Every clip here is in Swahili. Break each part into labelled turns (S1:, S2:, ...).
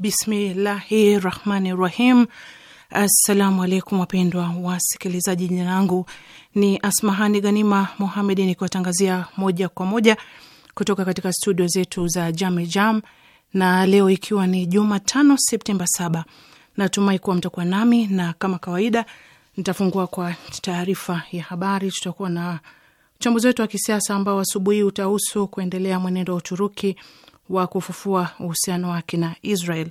S1: Bismillahi rahmani rahim. Assalamu alaikum wapendwa wasikilizaji, jina langu ni Asmahani ganima Muhamedi nikiwatangazia moja kwa moja kutoka katika studio zetu za Jame Jam, na leo ikiwa ni Jumatano Septemba saba, natumai kuwa mtakuwa nami na kama kawaida nitafungua kwa taarifa ya habari. Tutakuwa na uchambuzi wetu wa kisiasa ambao asubuhi utahusu kuendelea mwenendo wa Uturuki wa kufufua uhusiano wake na Israel.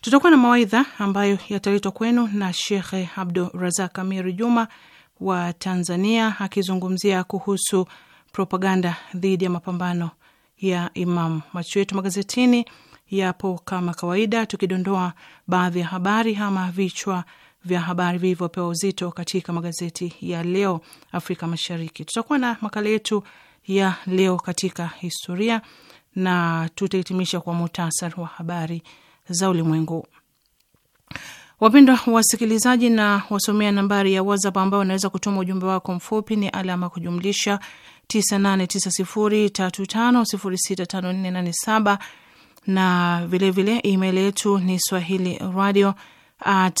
S1: Tutakuwa na mawaidha ambayo yataletwa kwenu na Shekhe Abdu Razak Amiri Juma wa Tanzania, akizungumzia kuhusu propaganda dhidi ya mapambano ya Imam. Macho yetu magazetini yapo kama kawaida, tukidondoa baadhi ya habari ama vichwa vya habari vilivyopewa uzito katika magazeti ya leo Afrika Mashariki. Tutakuwa na makala yetu ya leo katika historia na tutahitimisha kwa muhtasari wa habari za ulimwengu. Wapendwa wasikilizaji, na wasomea nambari ya WhatsApp ambayo unaweza kutuma ujumbe wako mfupi ni alama kujumlisha 989035065487 na vilevile vile email yetu ni swahili radio at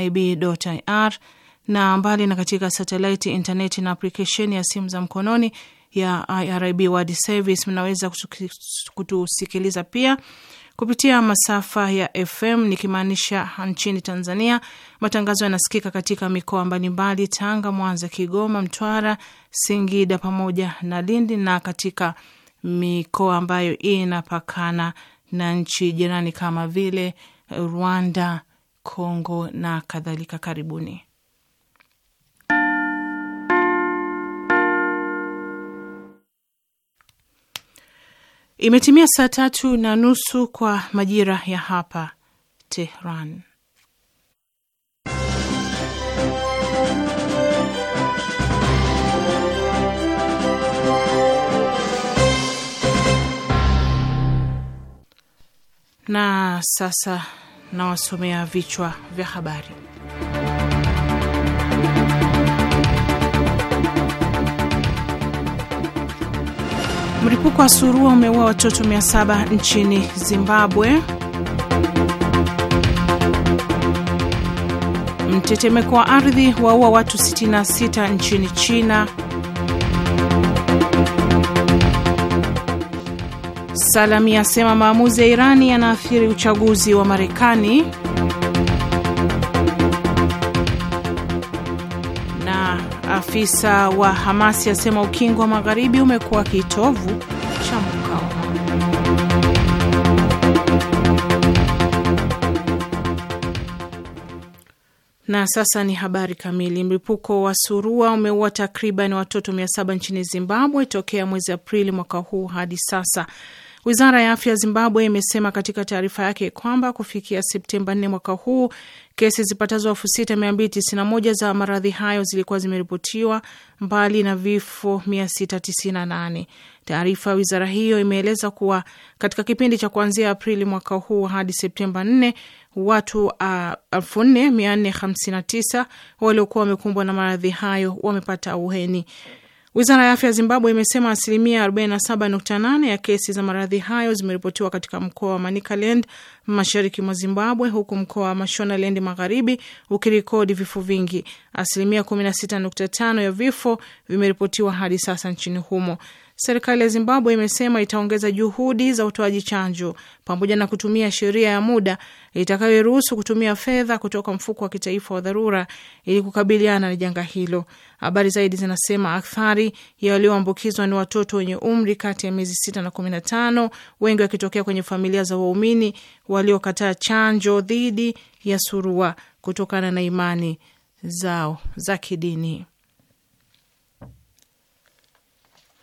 S1: irib ir, na mbali na katika satelaiti, intaneti na aplikesheni ya simu za mkononi ya IRIB World Service. Mnaweza kutusikiliza pia kupitia masafa ya FM, nikimaanisha nchini Tanzania matangazo yanasikika katika mikoa mbalimbali: Tanga, Mwanza, Kigoma, Mtwara, Singida pamoja na Lindi, na katika mikoa ambayo inapakana na nchi jirani kama vile Rwanda, Kongo na kadhalika. Karibuni. Imetimia saa tatu na nusu kwa majira ya hapa Tehran. Na sasa nawasomea vichwa vya habari. Mlipuko wa surua umeua watoto 700 nchini Zimbabwe. Mtetemeko wa ardhi waua watu 66 nchini China. Salami asema maamuzi ya Irani yanaathiri uchaguzi wa Marekani. na afisa wa Hamasi asema ukingo wa magharibi umekuwa kitovu cha mkao. Na sasa ni habari kamili. Mlipuko wa surua umeua takriban watoto mia saba nchini Zimbabwe tokea mwezi Aprili mwaka huu hadi sasa. Wizara ya afya ya Zimbabwe imesema katika taarifa yake kwamba kufikia Septemba 4 mwaka huu Kesi zipatazo elfu sita mia mbili tisini na moja za maradhi hayo zilikuwa zimeripotiwa mbali na vifo mia sita nane Taarifa ya wizara hiyo imeeleza kuwa katika kipindi cha kuanzia Aprili mwaka huu hadi Septemba nne watu uh, tisa waliokuwa wamekumbwa na maradhi hayo wamepata auheni. Wizara ya afya ya Zimbabwe imesema asilimia 47.8 ya kesi za maradhi hayo zimeripotiwa katika mkoa wa Manicaland mashariki mwa Zimbabwe, huku mkoa wa Mashonaland magharibi ukirekodi vifo vingi. Asilimia 16.5 ya vifo vimeripotiwa hadi sasa nchini humo. Serikali ya Zimbabwe imesema itaongeza juhudi za utoaji chanjo pamoja na kutumia sheria ya muda itakayoruhusu kutumia fedha kutoka mfuko wa kitaifa wa dharura ili kukabiliana na janga hilo. Habari zaidi zinasema akthari ya walioambukizwa ni watoto wenye umri kati ya miezi sita na kumi na tano, wengi wakitokea kwenye familia za waumini waliokataa chanjo dhidi ya surua kutokana na imani zao za kidini.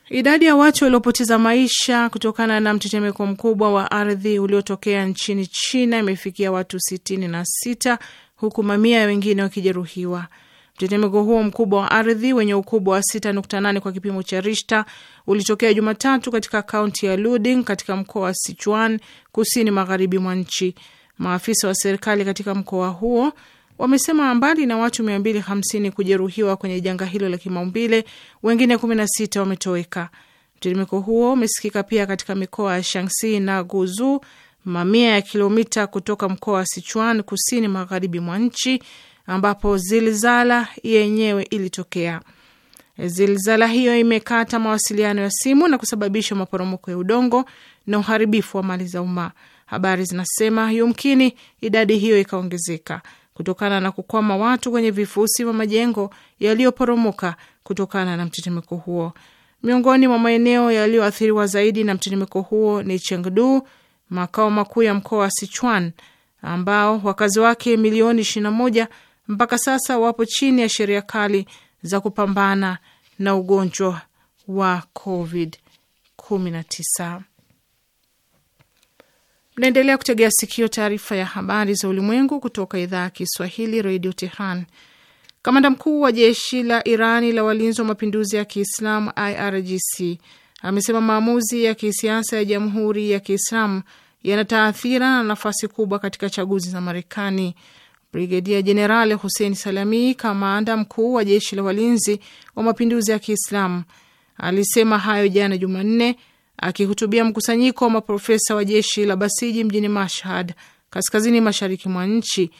S1: Idadi ya watu waliopoteza maisha kutokana na mtetemeko mkubwa wa ardhi uliotokea nchini China imefikia watu sitini na sita huku mamia wengine wakijeruhiwa. Mtetemeko huo mkubwa wa ardhi wenye ukubwa wa 6.8 kwa kipimo cha Richter ulitokea Jumatatu katika kaunti ya Luding katika mkoa wa Sichuan, kusini magharibi mwa nchi. Maafisa wa serikali katika mkoa huo wamesema mbali na watu 250 kujeruhiwa kwenye janga hilo la kimaumbile, wengine 16 wametoweka. Mtetemeko huo umesikika pia katika mikoa ya Shansi na Guzu, mamia ya kilomita kutoka mkoa wa Sichuan, kusini magharibi mwa nchi ambapo zilzala yenyewe ilitokea. Zilzala hiyo imekata mawasiliano ya simu na kusababisha maporomoko ya udongo na uharibifu wa mali za umma. Habari zinasema yumkini idadi hiyo ikaongezeka kutokana na kukwama watu kwenye vifusi vya majengo yaliyoporomoka kutokana na mtetemeko huo. Miongoni mwa maeneo yaliyoathiriwa zaidi na mtetemeko huo ni Chengdu, makao makuu ya mkoa wa Sichuan, ambao wakazi wake milioni moja mpaka sasa wapo chini ya sheria kali za kupambana na ugonjwa wa Covid 19. Mnaendelea kutegea sikio taarifa ya habari za ulimwengu kutoka idhaa ya Kiswahili redio Tehran. Kamanda mkuu wa jeshi la Irani la walinzi wa mapinduzi ya Kiislamu IRGC amesema maamuzi ya kisiasa ya jamhuri ya Kiislamu yana taathira na nafasi kubwa katika chaguzi za Marekani. Brigedia Jenerali Hussein Salami, kamanda mkuu wa jeshi la walinzi wa mapinduzi ya Kiislamu, alisema hayo jana Jumanne akihutubia mkusanyiko wa maprofesa wa jeshi la Basiji mjini Mashhad, kaskazini mashariki mwa nchi,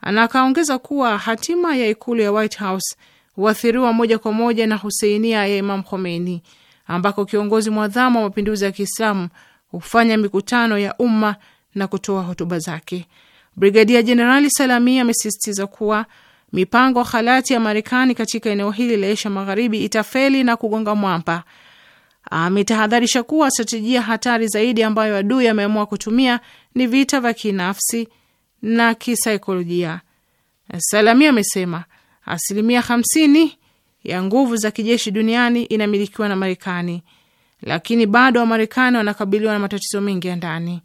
S1: anakaongeza kuwa hatima ya ikulu ya White House huathiriwa moja kwa moja na huseinia ya Imam Khomeini, ambako kiongozi mwadhamu wa mapinduzi ya Kiislamu hufanya mikutano ya umma na kutoa hotuba zake. Brigadia Jenerali Salami amesisitiza kuwa mipango halati ya Marekani katika eneo hili la Asia Magharibi itafeli na kugonga mwamba. Ametahadharisha kuwa strategia hatari zaidi ambayo adui ameamua kutumia ni vita vya kinafsi na kisaikolojia. Salami amesema asilimia hamsini ya nguvu za kijeshi duniani inamilikiwa na Marekani, lakini bado Wamarekani wanakabiliwa na matatizo mengi ya ndani.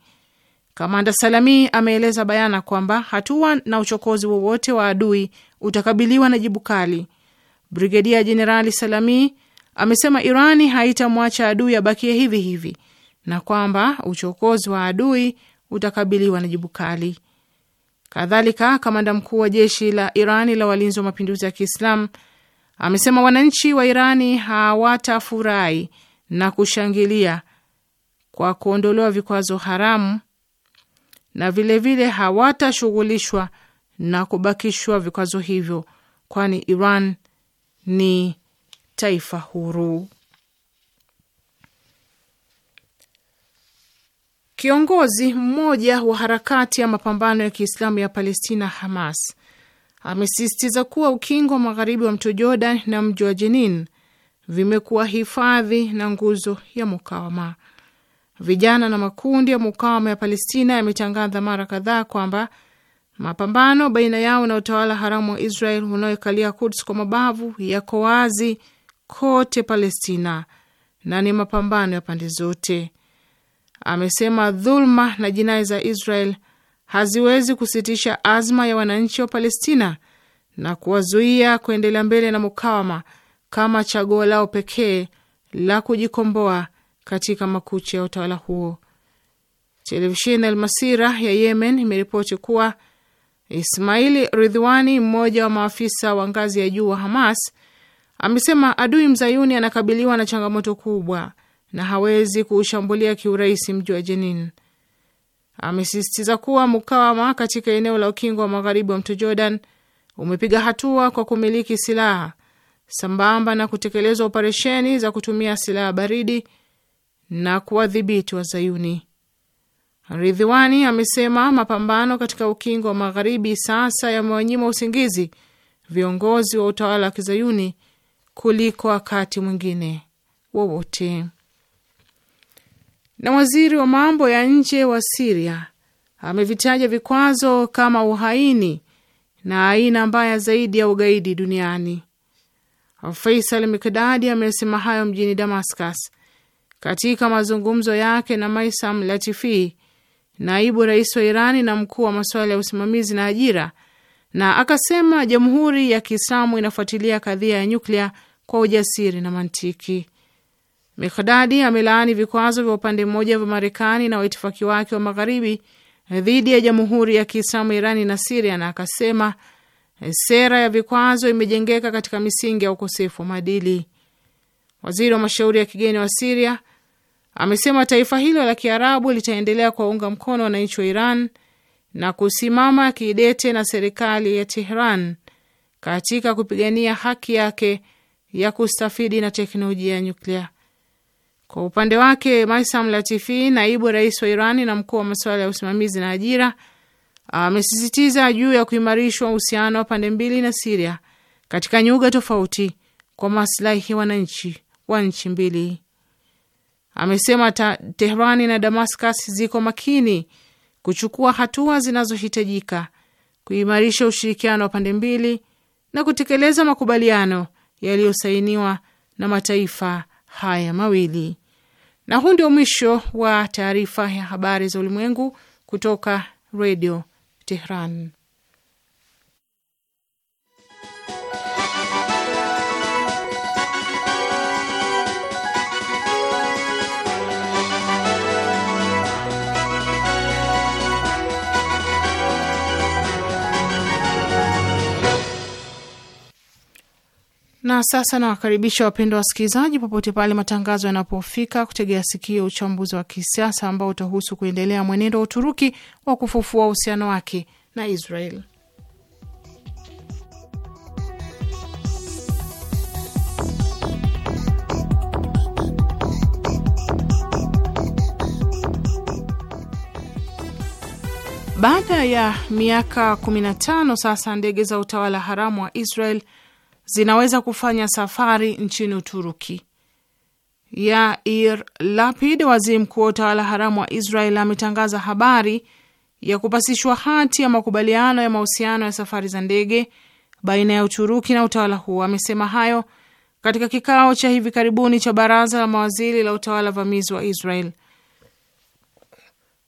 S1: Kamanda Salami ameeleza bayana kwamba hatua na uchokozi wowote wa adui utakabiliwa na jibu kali. Brigedia Jenerali Salami amesema Irani haitamwacha adui abakie hivi hivi na kwamba uchokozi wa adui utakabiliwa na jibu kali. Kadhalika, kamanda mkuu wa jeshi la Irani la walinzi wa mapinduzi ya Kiislamu amesema wananchi wa Irani hawatafurahi na kushangilia kwa kuondolewa vikwazo haramu na vilevile hawatashughulishwa na kubakishwa vikwazo hivyo, kwani Iran ni taifa huru. Kiongozi mmoja wa harakati ya mapambano ya Kiislamu ya Palestina, Hamas, amesisitiza kuwa ukingo wa magharibi wa mto Jordan na mji wa Jenin vimekuwa hifadhi na nguzo ya mukawama. Vijana na makundi ya mukawama ya Palestina yametangaza mara kadhaa kwamba mapambano baina yao na utawala haramu wa Israel unaoikalia Kuds kwa mabavu yako wazi kote Palestina na ni mapambano ya pande zote. Amesema dhuluma na jinai za Israel haziwezi kusitisha azma ya wananchi wa Palestina na kuwazuia kuendelea mbele na mukawama kama chaguo lao pekee la kujikomboa katika makucha ya utawala huo. Televisheni Almasira ya Yemen imeripoti kuwa Ismaili Ridhwani, mmoja wa maafisa wa ngazi ya juu wa Hamas, amesema adui mzayuni anakabiliwa na changamoto kubwa na hawezi kuushambulia kiurahisi mji wa Jenin. Amesisitiza kuwa mukawama katika eneo la ukingo wa magharibi wa mto Jordan umepiga hatua kwa kumiliki silaha sambamba na kutekelezwa operesheni za kutumia silaha baridi na kuwadhibiti Wazayuni. Ridhiwani amesema mapambano katika ukingo wa magharibi sasa yamewanyima usingizi viongozi wa utawala wa kizayuni kuliko wakati mwingine wowote. Na waziri wa mambo ya nje wa Siria amevitaja vikwazo kama uhaini na aina mbaya zaidi ya ugaidi duniani. Faisal Mikdadi amesema hayo mjini Damascus katika mazungumzo yake na Maisam Latifi, naibu rais wa Irani na mkuu wa masuala ya usimamizi na ajira, na akasema jamhuri ya Kiislamu inafuatilia kadhia ya nyuklia kwa ujasiri na mantiki. Mikdadi amelaani vikwazo vya upande mmoja vya Marekani na waitifaki wake wa magharibi dhidi ya jamhuri ya Kiislamu Irani na Siria, na akasema sera ya vikwazo imejengeka katika misingi ya ukosefu wa maadili. Waziri wa mashauri ya kigeni wa Siria Amesema taifa hilo la Kiarabu litaendelea kuwaunga mkono wananchi wa Iran na kusimama kidete na serikali ya Tehran katika kupigania haki yake ya kustafidi na teknolojia ya nyuklia. Kwa upande wake, Maisam Latifi, naibu rais wa Iran na mkuu wa masuala ya usimamizi na ajira, amesisitiza juu ya kuimarishwa uhusiano wa pande mbili na Siria katika nyuga tofauti kwa maslahi wananchi wa nchi mbili amesema Tehrani na Damascus ziko makini kuchukua hatua zinazohitajika kuimarisha ushirikiano wa pande mbili na kutekeleza makubaliano yaliyosainiwa na mataifa haya mawili. Na huu ndio mwisho wa taarifa ya habari za ulimwengu kutoka redio Tehran. Na sasa nawakaribisha wapendwa wasikilizaji, popote pale matangazo yanapofika, kutegea sikio uchambuzi wa kisiasa ambao utahusu kuendelea mwenendo wa Uturuki wa kufufua uhusiano wake na Israel. Baada ya miaka 15 sasa, ndege za utawala haramu wa Israel zinaweza kufanya safari nchini Uturuki. Yair Lapid, waziri mkuu wa utawala haramu wa Israel, ametangaza habari ya kupasishwa hati ya makubaliano ya mahusiano ya safari za ndege baina ya Uturuki na utawala huo. Amesema hayo katika kikao cha hivi karibuni cha baraza la mawaziri la utawala vamizi wa Israel.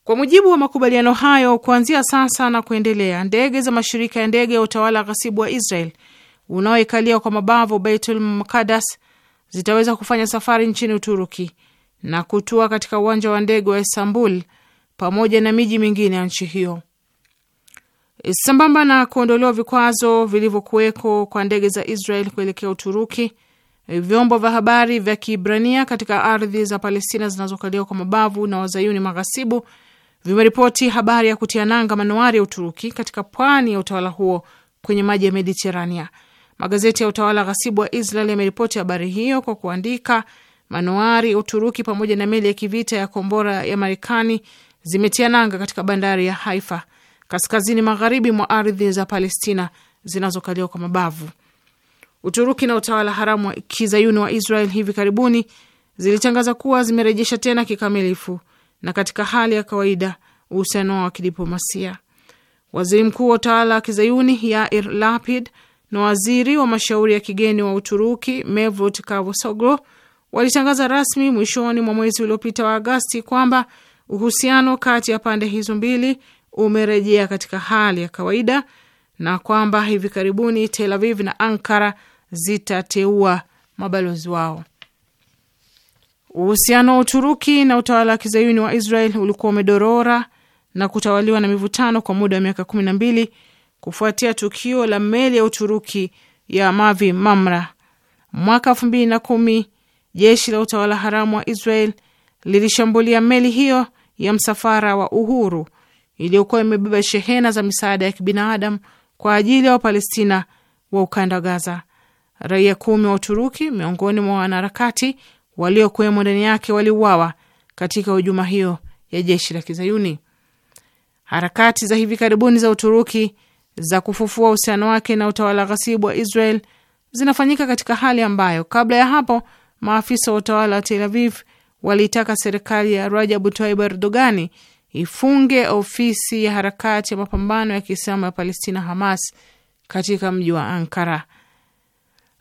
S1: Kwa mujibu wa makubaliano hayo, kuanzia sasa na kuendelea, ndege za mashirika ya ndege ya utawala ghasibu wa Israel unaoikalia kwa mabavu Baitul Makadas zitaweza kufanya safari nchini Uturuki na kutua katika uwanja wa ndege wa Istanbul pamoja na miji mingine ya nchi hiyo. Sambamba na kuondolewa vikwazo vilivyokuweko kwa ndege za Israel kuelekea Uturuki, vyombo vya habari vya Kiibrania katika ardhi za Palestina zinazokaliwa kwa mabavu na wazayuni maghasibu vimeripoti habari ya kutia nanga manuari ya Uturuki katika pwani ya utawala huo kwenye maji ya Mediterania. Magazeti ya utawala ghasibu wa Israel yameripoti habari hiyo kwa kuandika, manuari Uturuki pamoja na meli ya kivita ya kombora ya Marekani zimetia nanga katika bandari ya Haifa kaskazini magharibi mwa ardhi za Palestina zinazokaliwa kwa mabavu. Uturuki na utawala haramu wa kizayuni wa Israel hivi karibuni zilitangaza kuwa zimerejesha tena kikamilifu na katika hali ya kawaida uhusiano wa kidiplomasia. Waziri mkuu wa utawala wa kizayuni Yair Lapid na waziri wa mashauri ya kigeni wa Uturuki Mevlut Cavusoglu walitangaza rasmi mwishoni mwa mwezi uliopita wa Agasti kwamba uhusiano kati ya pande hizo mbili umerejea katika hali ya kawaida na kwamba hivi karibuni Tel Aviv na Ankara zitateua mabalozi wao. Uhusiano wa Uturuki na utawala wa kizayuni wa Israel ulikuwa umedorora na kutawaliwa na mivutano kwa muda wa miaka kumi na mbili kufuatia tukio la meli ya Uturuki ya Mavi Mamra. Mwaka elfu mbili na kumi jeshi la utawala haramu wa Israel lilishambulia meli hiyo ya msafara wa uhuru iliyokuwa imebeba shehena za misaada ya kibinadamu kwa ajili ya Wapalestina wa ukanda wa Gaza. Raia kumi wa Uturuki miongoni mwa wanaharakati waliokuwemo ndani yake waliuawa katika hujuma hiyo ya jeshi la Kizayuni. Harakati za hivi karibuni za Uturuki za kufufua uhusiano wake na utawala ghasibu wa Israel zinafanyika katika hali ambayo kabla ya hapo maafisa wa utawala wa Tel Aviv waliitaka serikali ya Rajabu Tayyip Erdogani ifunge ofisi ya harakati ya mapambano ya Kiislamu ya Palestina, Hamas, katika mji wa Ankara.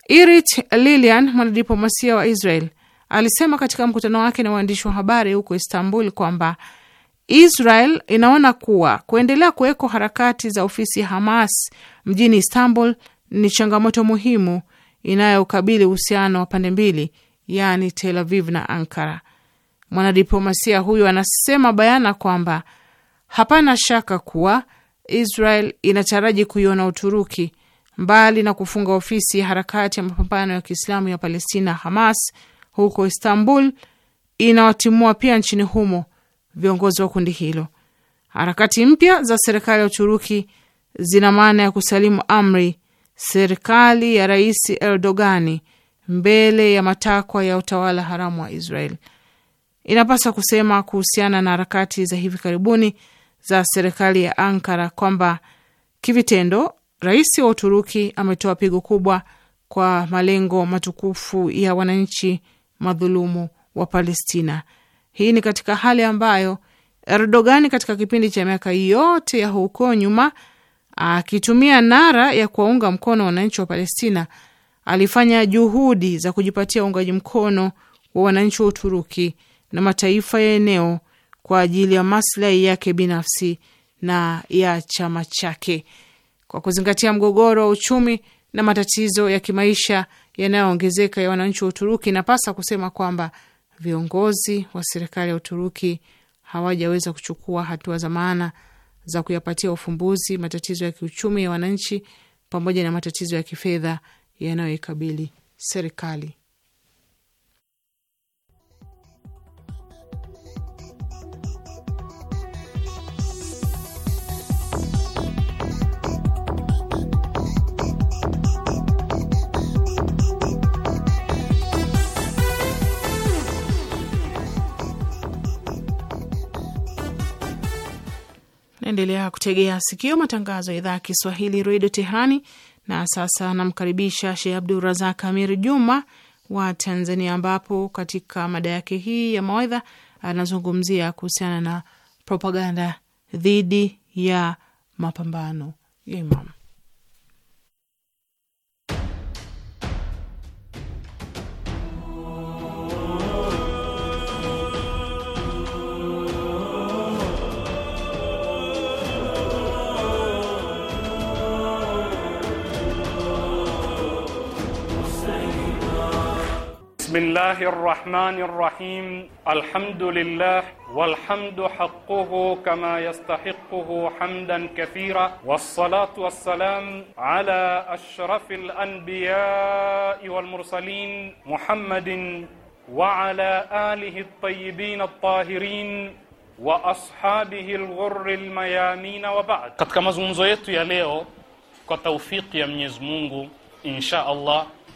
S1: Irit Lilian, mwanadiplomasia wa Israel, alisema katika mkutano wake na waandishi wa habari huko Istanbul kwamba Israel inaona kuwa kuendelea kuweko harakati za ofisi ya Hamas mjini Istanbul ni changamoto muhimu inayokabili uhusiano wa pande mbili, yaani Tel Aviv na Ankara. Mwanadiplomasia huyu anasema bayana kwamba hapana shaka kuwa Israel inataraji kuiona Uturuki, mbali na kufunga ofisi ya harakati ya mapambano ya Kiislamu ya Palestina Hamas huko Istanbul, inawatimua pia nchini humo viongozi wa kundi hilo. Harakati mpya za serikali ya Uturuki zina maana ya kusalimu amri serikali ya Rais Erdogani mbele ya matakwa ya utawala haramu wa Israel. inapaswa kusema kuhusiana na harakati za hivi karibuni za serikali ya Ankara kwamba kivitendo, rais wa Uturuki ametoa pigo kubwa kwa malengo matukufu ya wananchi madhulumu wa Palestina. Hii ni katika hali ambayo Erdogan katika kipindi cha miaka yote ya huko nyuma akitumia nara ya kuwaunga mkono wananchi wa Palestina alifanya juhudi za kujipatia uungaji mkono wa wananchi wa Uturuki na mataifa ya eneo kwa ajili ya maslahi yake binafsi na ya chama chake. Kwa kuzingatia mgogoro wa uchumi na matatizo ya kimaisha yanayoongezeka ya wananchi wa Uturuki, inapasa kusema kwamba viongozi wa serikali ya Uturuki hawajaweza kuchukua hatua za maana za kuyapatia ufumbuzi matatizo ya kiuchumi ya wananchi pamoja na matatizo ya kifedha yanayoikabili serikali. Endelea kutegea sikio matangazo ya idhaa ya Kiswahili redio Tehrani. Na sasa anamkaribisha Sheh Abdurazak Amir Juma wa Tanzania, ambapo katika mada yake hii ya mawaidha anazungumzia kuhusiana na propaganda dhidi ya mapambano ya Imamu.
S2: بسم الله الرحمن الرحيم الحمد لله والحمد حقه كما يستحقه حمدا كثيرا والصلاة والسلام على أشرف الأنبياء والمرسلين محمد وعلى آله الطيبين الطاهرين وأصحابه الغر الميامين وبعد قد كما yetu يا ليو كتوفيق يا ya Mwenyezi Mungu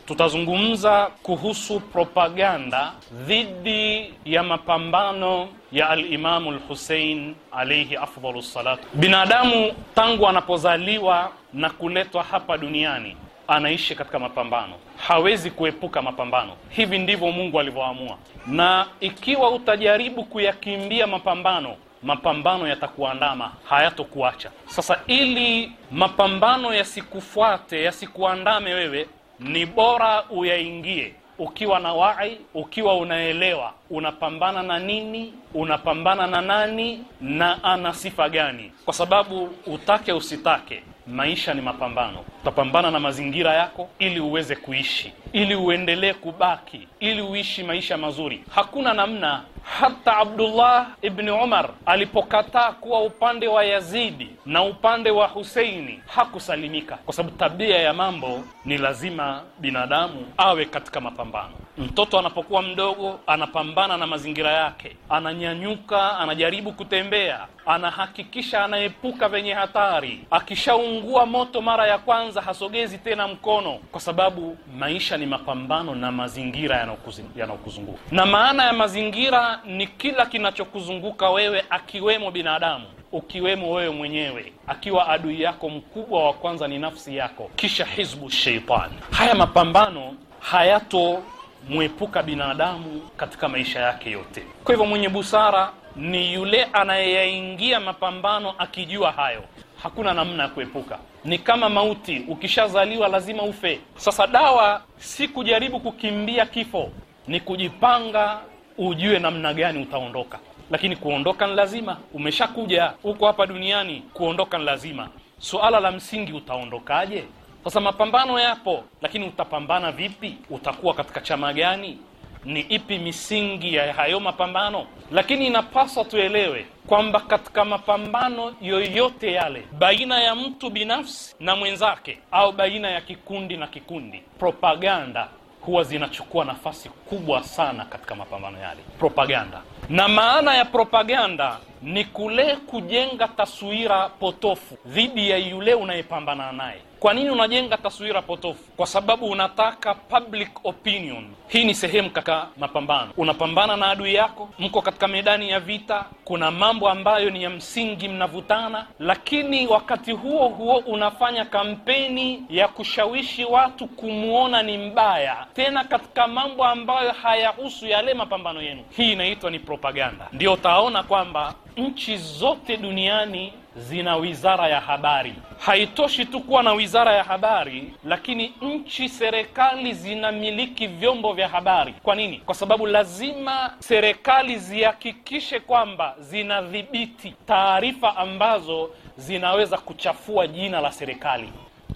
S2: tutazungumza kuhusu propaganda dhidi ya mapambano ya Alimamu Lhusein alaihi afdalu salatu. Binadamu tangu anapozaliwa na kuletwa hapa duniani anaishi katika mapambano, hawezi kuepuka mapambano. Hivi ndivyo Mungu alivyoamua, na ikiwa utajaribu kuyakimbia mapambano mapambano yatakuandama, hayatokuacha. Sasa ili mapambano yasikufuate, yasikuandame wewe, ni bora uyaingie ukiwa na wai, ukiwa unaelewa unapambana na nini, unapambana na nani na ana sifa gani, kwa sababu utake usitake Maisha ni mapambano. Utapambana na mazingira yako ili uweze kuishi, ili uendelee kubaki, ili uishi maisha mazuri. Hakuna namna. Hata Abdullah ibni Umar alipokataa kuwa upande wa Yazidi na upande wa Huseini hakusalimika, kwa sababu tabia ya mambo ni lazima binadamu awe katika mapambano. Mtoto anapokuwa mdogo, anapambana na mazingira yake, ananyanyuka, anajaribu kutembea anahakikisha anaepuka venye hatari. Akishaungua moto mara ya kwanza hasogezi tena mkono, kwa sababu maisha ni mapambano na mazingira yanayokuzunguka. Na maana ya mazingira ni kila kinachokuzunguka wewe, akiwemo binadamu ukiwemo wewe mwenyewe, akiwa adui yako mkubwa wa kwanza ni nafsi yako, kisha hizbu sheitani. Haya mapambano hayato mwepuka binadamu katika maisha yake yote. Kwa hivyo mwenye busara ni yule anayeyaingia mapambano akijua hayo, hakuna namna ya kuepuka. Ni kama mauti, ukishazaliwa lazima ufe. Sasa dawa si kujaribu kukimbia kifo, ni kujipanga, ujue namna gani utaondoka. Lakini kuondoka ni lazima, umeshakuja huko hapa duniani, kuondoka ni lazima. Suala la msingi, utaondokaje? Sasa mapambano yapo, lakini utapambana vipi? Utakuwa katika chama gani? ni ipi misingi ya hayo mapambano, lakini inapaswa tuelewe kwamba katika mapambano yoyote yale baina ya mtu binafsi na mwenzake au baina ya kikundi na kikundi, propaganda huwa zinachukua nafasi kubwa sana katika mapambano yale. Propaganda na maana ya propaganda ni kule kujenga taswira potofu dhidi ya yule unayepambana naye. Kwa nini unajenga taswira potofu? Kwa sababu unataka public opinion. Hii ni sehemu katika mapambano, unapambana na adui yako, mko katika medani ya vita, kuna mambo ambayo ni ya msingi, mnavutana, lakini wakati huo huo unafanya kampeni ya kushawishi watu kumwona ni mbaya, tena katika mambo ambayo hayahusu yale mapambano yenu. Hii inaitwa ni propaganda. Ndio utaona kwamba nchi zote duniani zina wizara ya habari. Haitoshi tu kuwa na wizara ya habari, lakini nchi, serikali zinamiliki vyombo vya habari. Kwa nini? Kwa sababu lazima serikali zihakikishe kwamba zinadhibiti taarifa ambazo zinaweza kuchafua jina la serikali,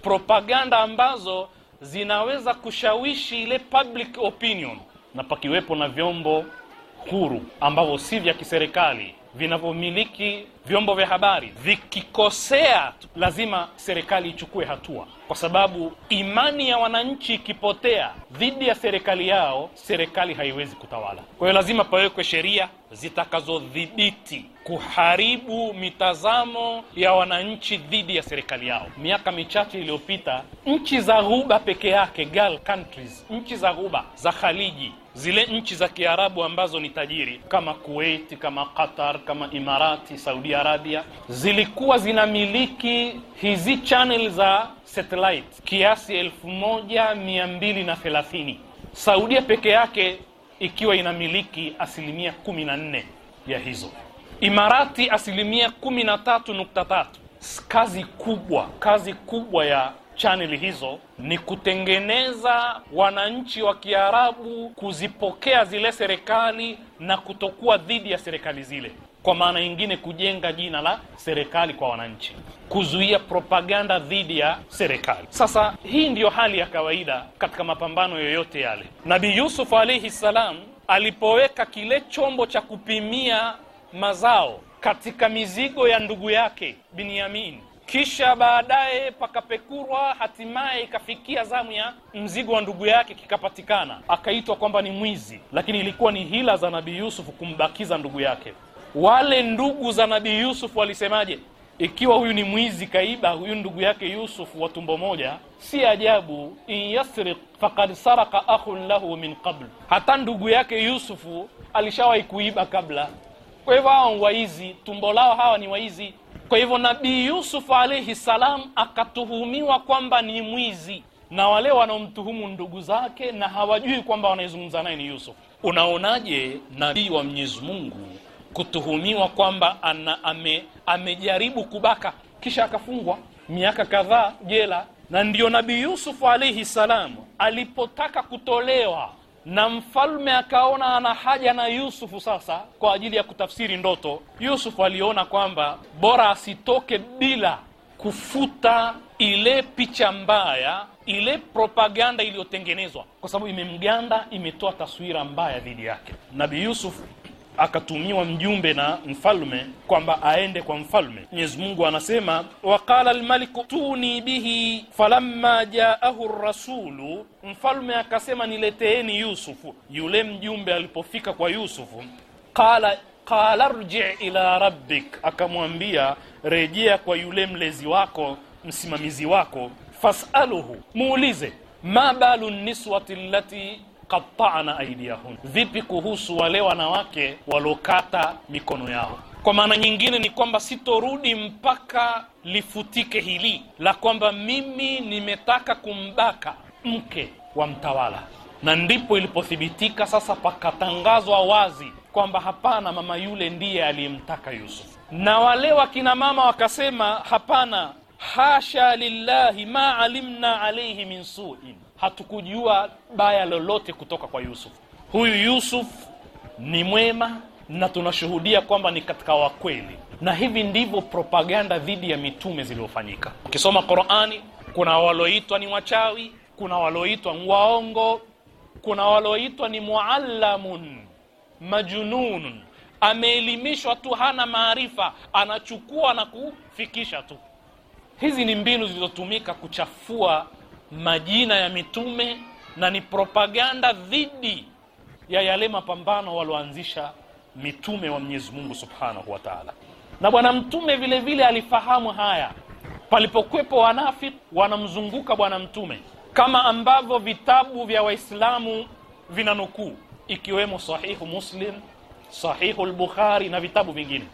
S2: propaganda ambazo zinaweza kushawishi ile public opinion, na pakiwepo na vyombo huru ambavyo si vya kiserikali vinavyomiliki vyombo vya habari vikikosea, lazima serikali ichukue hatua, kwa sababu imani ya wananchi ikipotea dhidi ya serikali yao, serikali haiwezi kutawala. Kwa hiyo lazima pawekwe sheria zitakazodhibiti kuharibu mitazamo ya wananchi dhidi ya serikali yao. Miaka michache iliyopita, nchi za Ghuba peke yake, Gulf countries, nchi za Ghuba za Khaliji, zile nchi za Kiarabu ambazo ni tajiri kama Kuwait, kama Qatar, kama Imarati, Saudi Arabia, zilikuwa zinamiliki hizi channel za satellite kiasi elfu moja mia mbili na thelathini. Saudia peke yake ikiwa inamiliki asilimia kumi na nne ya hizo. Imarati asilimia kumi na tatu nukta tatu. Kazi kubwa, kazi kubwa ya chaneli hizo ni kutengeneza wananchi wa Kiarabu kuzipokea zile serikali na kutokuwa dhidi ya serikali zile, kwa maana nyingine kujenga jina la serikali kwa wananchi, kuzuia propaganda dhidi ya serikali. Sasa hii ndiyo hali ya kawaida katika mapambano yoyote yale. Nabii Yusuf alaihi ssalam alipoweka kile chombo cha kupimia mazao katika mizigo ya ndugu yake Binyamin, kisha baadaye pakapekurwa, hatimaye ikafikia zamu ya mzigo wa ndugu yake kikapatikana, akaitwa kwamba ni mwizi, lakini ilikuwa ni hila za Nabii Yusufu kumbakiza ndugu yake. Wale ndugu za Nabii Yusufu walisemaje? Ikiwa huyu ni mwizi kaiba, huyu ndugu yake Yusufu wa tumbo moja, si ajabu. in yasriq fakad saraka ahun lahu min qabl, hata ndugu yake Yusufu alishawahi kuiba kabla kwa hivyo hawa waizi, tumbo lao hawa ni waizi. Kwa hivyo Nabii Yusufu alaihi salam akatuhumiwa kwamba ni mwizi na wale wanaomtuhumu ndugu zake, na hawajui kwamba wanaezungumza naye ni Yusuf. Unaonaje nabii wa Mwenyezi Mungu kutuhumiwa kwamba ana, ame, amejaribu kubaka kisha akafungwa miaka kadhaa jela? Na ndiyo nabii Yusufu alaihi salam alipotaka kutolewa na mfalme akaona ana haja na Yusufu sasa kwa ajili ya kutafsiri ndoto. Yusufu aliona kwamba bora asitoke bila kufuta ile picha mbaya, ile propaganda iliyotengenezwa, kwa sababu imemganda, imetoa taswira mbaya dhidi yake. Nabii Yusuf akatumiwa mjumbe na mfalme kwamba aende kwa mfalme. Mwenyezi Mungu anasema waqala lmaliku tuni bihi falamma jaahu rasulu, mfalme akasema nileteeni Yusufu. Yule mjumbe alipofika kwa Yusufu qala qala rji ila rabbik, akamwambia rejea kwa yule mlezi wako msimamizi wako, fasaluhu muulize ma balu niswati llati katana aidiyahun, vipi kuhusu wale wanawake waliokata mikono yao? Kwa maana nyingine ni kwamba sitorudi mpaka lifutike hili la kwamba mimi nimetaka kumbaka mke wa mtawala, na ndipo ilipothibitika sasa, pakatangazwa wazi kwamba hapana, mama yule ndiye aliyemtaka Yusuf. Na wale wakina mama wakasema hapana, hasha lillahi ma alimna alaihi min suin hatukujua baya lolote kutoka kwa Yusuf. Huyu Yusuf ni mwema na tunashuhudia kwamba ni katika wakweli, na hivi ndivyo propaganda dhidi ya mitume zilizofanyika. Ukisoma Qurani kuna waloitwa ni wachawi, kuna waloitwa waongo, kuna waloitwa ni muallamun majunun, ameelimishwa tu, hana maarifa, anachukua na kufikisha tu. Hizi ni mbinu zilizotumika kuchafua majina ya mitume na ni propaganda dhidi ya yale mapambano walioanzisha mitume wa Mwenyezi Mungu Subhanahu wa Ta'ala. Na bwana mtume vile vile alifahamu haya. Palipokwepo wanafiki wanamzunguka bwana mtume, kama ambavyo vitabu vya Waislamu vinanukuu, ikiwemo Sahihu Muslim, Sahihu al-Bukhari na vitabu vingine.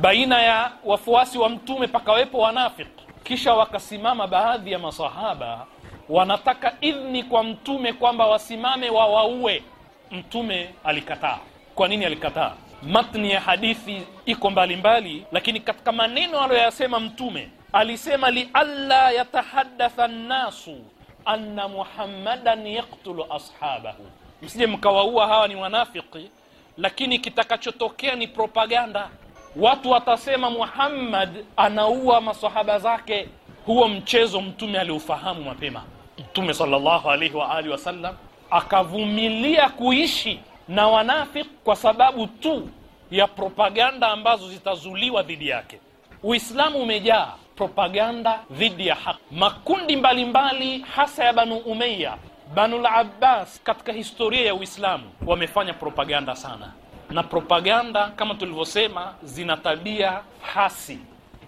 S2: Baina ya wafuasi wa mtume pakawepo wanafiki, kisha wakasimama baadhi ya masahaba wanataka idhni kwa mtume kwamba wasimame wawaue. Mtume alikataa. Kwa nini alikataa? Matni ya hadithi iko mbalimbali, lakini katika maneno aliyoyasema Mtume alisema lialla yatahadatha nnasu anna muhammadan yaktulu ashabahu, msije mkawaua hawa ni wanafiki, lakini kitakachotokea ni propaganda. Watu watasema Muhammad anaua masahaba zake. Huo mchezo Mtume aliufahamu mapema. Mtume sallallahu alaihi wa alihi wasallam akavumilia kuishi na wanafiki kwa sababu tu ya propaganda ambazo zitazuliwa dhidi yake. Uislamu umejaa propaganda dhidi ya haki. Makundi mbalimbali mbali, hasa ya Banu umeya Banul Abbas, katika historia ya Uislamu wamefanya propaganda sana, na propaganda kama tulivyosema, zina tabia hasi,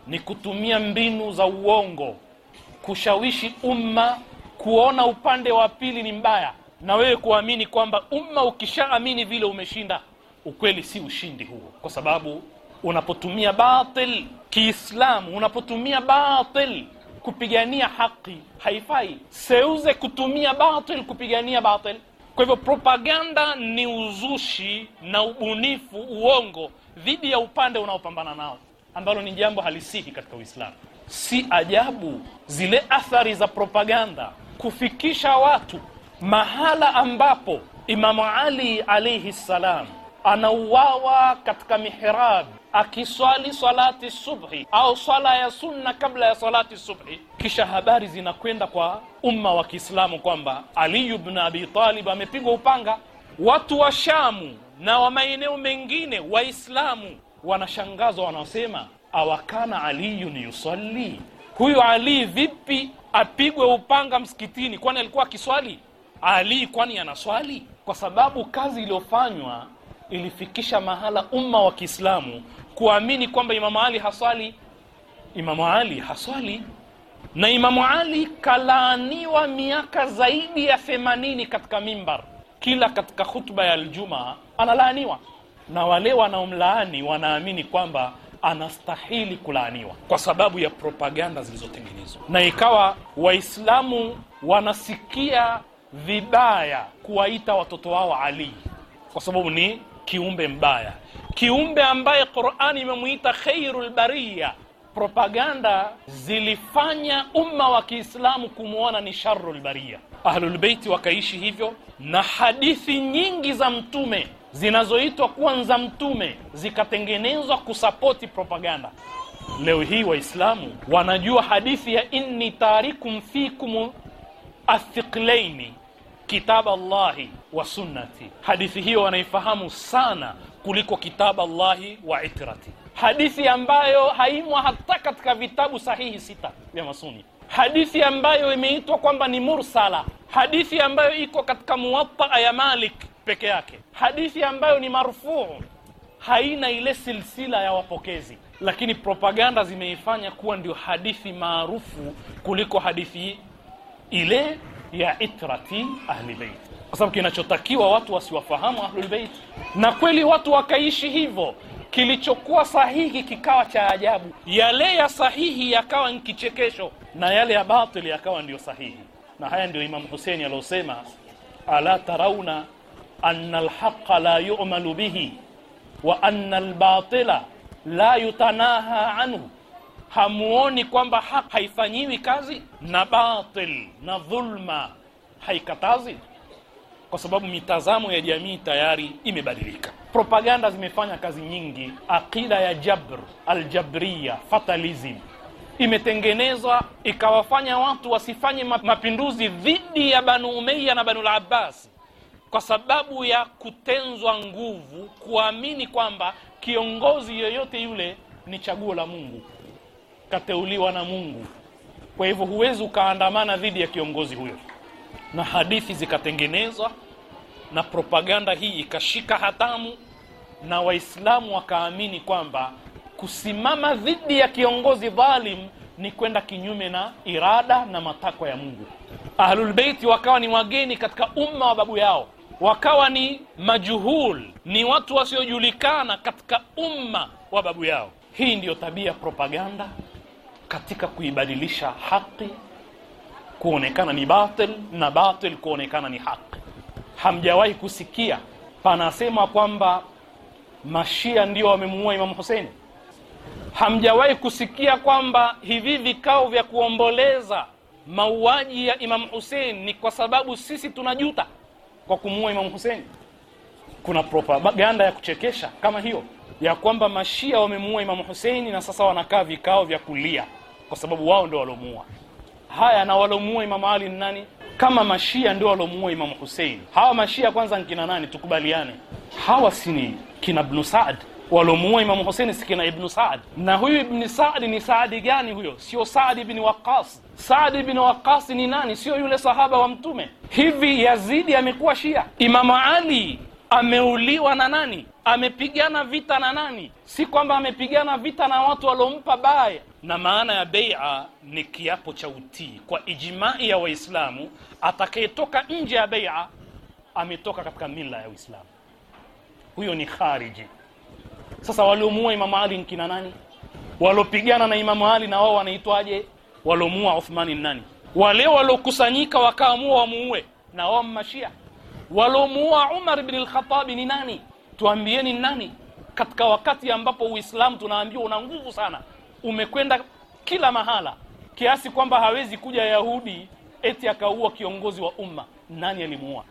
S2: ni kutumia mbinu za uongo kushawishi umma kuona upande wa pili ni mbaya na wewe kuamini kwamba umma ukishaamini vile umeshinda, ukweli si ushindi huo, kwa sababu unapotumia batil Kiislamu, unapotumia batil kupigania haki haifai. Seuze kutumia batil kupigania batil. Kwa hivyo propaganda ni uzushi na ubunifu uongo dhidi ya upande unaopambana nao, ambalo ni jambo halisihi katika Uislamu si ajabu zile athari za propaganda kufikisha watu mahala ambapo Imamu Ali alaihi ssalam anauawa katika mihrab akiswali salati subhi au swala ya sunna kabla ya salati subhi, kisha habari zinakwenda kwa umma wa Kiislamu kwamba Ali ibn Abi Talib amepigwa upanga. Watu wa Shamu na wa maeneo mengine Waislamu wanashangazwa, wanasema awakana aliyun yusalli, huyu Ali vipi apigwe upanga msikitini? Kwani alikuwa akiswali Ali? Kwani anaswali? Kwa sababu kazi iliyofanywa ilifikisha mahala umma wa Kiislamu kuamini kwamba Imamu Ali haswali. Imamu Ali haswali, na Imamu Ali kalaaniwa miaka zaidi ya themanini katika mimbar, kila katika khutba ya aljuma analaaniwa, na wale wanaomlaani wanaamini kwamba anastahili kulaaniwa kwa sababu ya propaganda zilizotengenezwa, na ikawa Waislamu wanasikia vibaya kuwaita watoto wao Ali kwa sababu ni kiumbe mbaya, kiumbe ambaye Qurani imemwita khairul bariya. Propaganda zilifanya umma wa Kiislamu kumwona ni sharul bariya. Ahlulbeiti wakaishi hivyo, na hadithi nyingi za Mtume zinazoitwa kwanza mtume zikatengenezwa kusapoti propaganda. Leo hii Waislamu wanajua hadithi ya inni tarikum fikum athiqlaini kitab Allahi wa sunnati. Hadithi hiyo wanaifahamu sana kuliko kitab Allahi wa itrati, hadithi ambayo haimwa hata katika vitabu sahihi sita vya Masuni, hadithi ambayo imeitwa kwamba ni mursala, hadithi ambayo iko katika muwatta ya Malik peke yake. Hadithi ambayo ni marufuu haina ile silsila ya wapokezi, lakini propaganda zimeifanya kuwa ndio hadithi maarufu kuliko hadithi ile ya itrati ahli bait, kwa sababu kinachotakiwa watu wasiwafahamu ahlulbeit bait, na kweli watu wakaishi hivyo. Kilichokuwa sahihi kikawa cha ajabu, yale ya sahihi yakawa ni kichekesho, na yale ya batili yakawa ndiyo sahihi. Na haya ndio Imam Huseini aliyosema, ala tarauna anna alhaqa la yu'malu bihi wa anna albatila la yutanaha anhu hamuoni kwamba haq haifanyiwi kazi na batil na dhulma haikatazi kwa sababu mitazamo ya jamii tayari imebadilika propaganda zimefanya kazi nyingi aqida ya jabr aljabriya fatalism imetengenezwa ikawafanya watu wasifanye mapinduzi dhidi ya banu umeya na banu labbas kwa sababu ya kutenzwa nguvu, kuamini kwamba kiongozi yoyote yule ni chaguo la Mungu, kateuliwa na Mungu. Kwa hivyo huwezi ukaandamana dhidi ya kiongozi huyo, na hadithi zikatengenezwa na propaganda hii ikashika hatamu, na Waislamu wakaamini kwamba kusimama dhidi ya kiongozi dhalim ni kwenda kinyume na irada na matakwa ya Mungu. Ahlulbeiti wakawa ni wageni katika umma wa babu yao wakawa ni majuhul, ni watu wasiojulikana katika umma wa babu yao. Hii ndiyo tabia propaganda katika kuibadilisha haki kuonekana ni batil na batil kuonekana ni haki. Hamjawahi kusikia panasema kwamba mashia ndio wamemuua Imamu Huseini? Hamjawahi kusikia kwamba hivi vikao vya kuomboleza mauaji ya Imamu Husein ni kwa sababu sisi tunajuta? kwa kumuua Imam Hussein. Kuna propaganda ya kuchekesha kama hiyo ya kwamba mashia wamemuua Imam Hussein na sasa wanakaa vikao vya kulia kwa sababu wao ndio walomuua. Haya, na walomuua Imam Ali ni nani? Kama mashia ndio walomuua Imam Hussein, hawa mashia kwanza nkina nani? Tukubaliane, hawa si ni kina Ibn Saad walomuua Imamu Hussein sikina Ibnu Saad. Na huyu Ibni Saadi ni Saadi gani huyo? Sio Saadi ibni Waqas. Saadi ibni Waqas ni nani? Sio yule sahaba wa Mtume. Hivi Yazidi amekuwa Shia? Imamu Ali ameuliwa na nani? Amepigana vita na nani? Si kwamba amepigana vita na watu waliompa baya. Na maana ya beia ni kiapo cha utii kwa ijmai ya Waislamu. Atakayetoka nje ya beia ametoka katika mila ya Uislamu, huyo ni khariji. Sasa waliomuua Imamu Ali nkina nani? Walopigana na Imamu Ali na wao wanaitwaje? Waliomuua Uthmani nani? Wale waliokusanyika wakaamua wamuue na wao mmashia Waliomuua Umar bni lkhatabi ni nani? Tuambieni nani? Katika wakati ambapo Uislamu tunaambiwa una nguvu sana, umekwenda kila mahala, kiasi kwamba hawezi kuja Yahudi eti akaua kiongozi wa umma. Nani alimuua?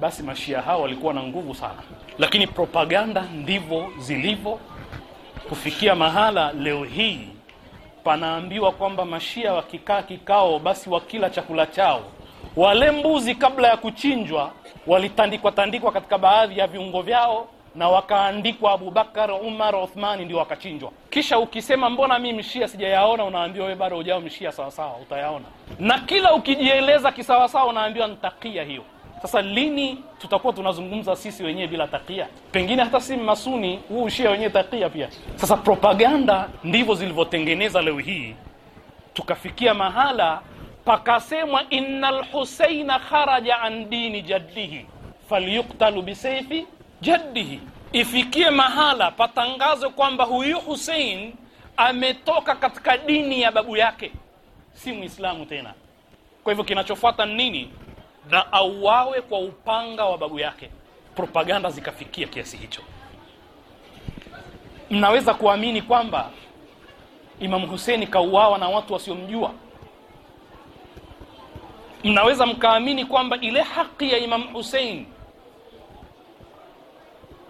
S2: basi mashia hao walikuwa na nguvu sana, lakini propaganda ndivyo zilivyo kufikia mahala leo hii panaambiwa kwamba mashia wakikaa kikao, basi wakila chakula chao, wale mbuzi kabla ya kuchinjwa walitandikwa tandikwa katika baadhi ya viungo vyao na wakaandikwa Abubakar, Umar, Uthmani ndio wakachinjwa. Kisha ukisema mbona mi mshia sijayaona, unaambiwa wewe bado ujao mshia sawasawa, utayaona. Na kila ukijieleza kisawasawa, unaambiwa ntakia hiyo sasa lini tutakuwa tunazungumza sisi wenyewe bila takia? Pengine hata si masuni huu ushia wenyewe takia pia. Sasa propaganda ndivyo zilivyotengeneza leo hii, tukafikia mahala pakasemwa, inna lhuseina kharaja an dini jaddihi falyuktalu bisaifi jaddihi. Ifikie mahala patangazwe kwamba huyu husein ametoka katika dini ya babu yake, si Muislamu tena. Kwa hivyo kinachofuata nini? na auawe kwa upanga wa babu yake propaganda zikafikia kiasi hicho mnaweza kuamini kwamba Imam Hussein kauawa na watu wasiomjua mnaweza mkaamini kwamba ile haki ya Imam Hussein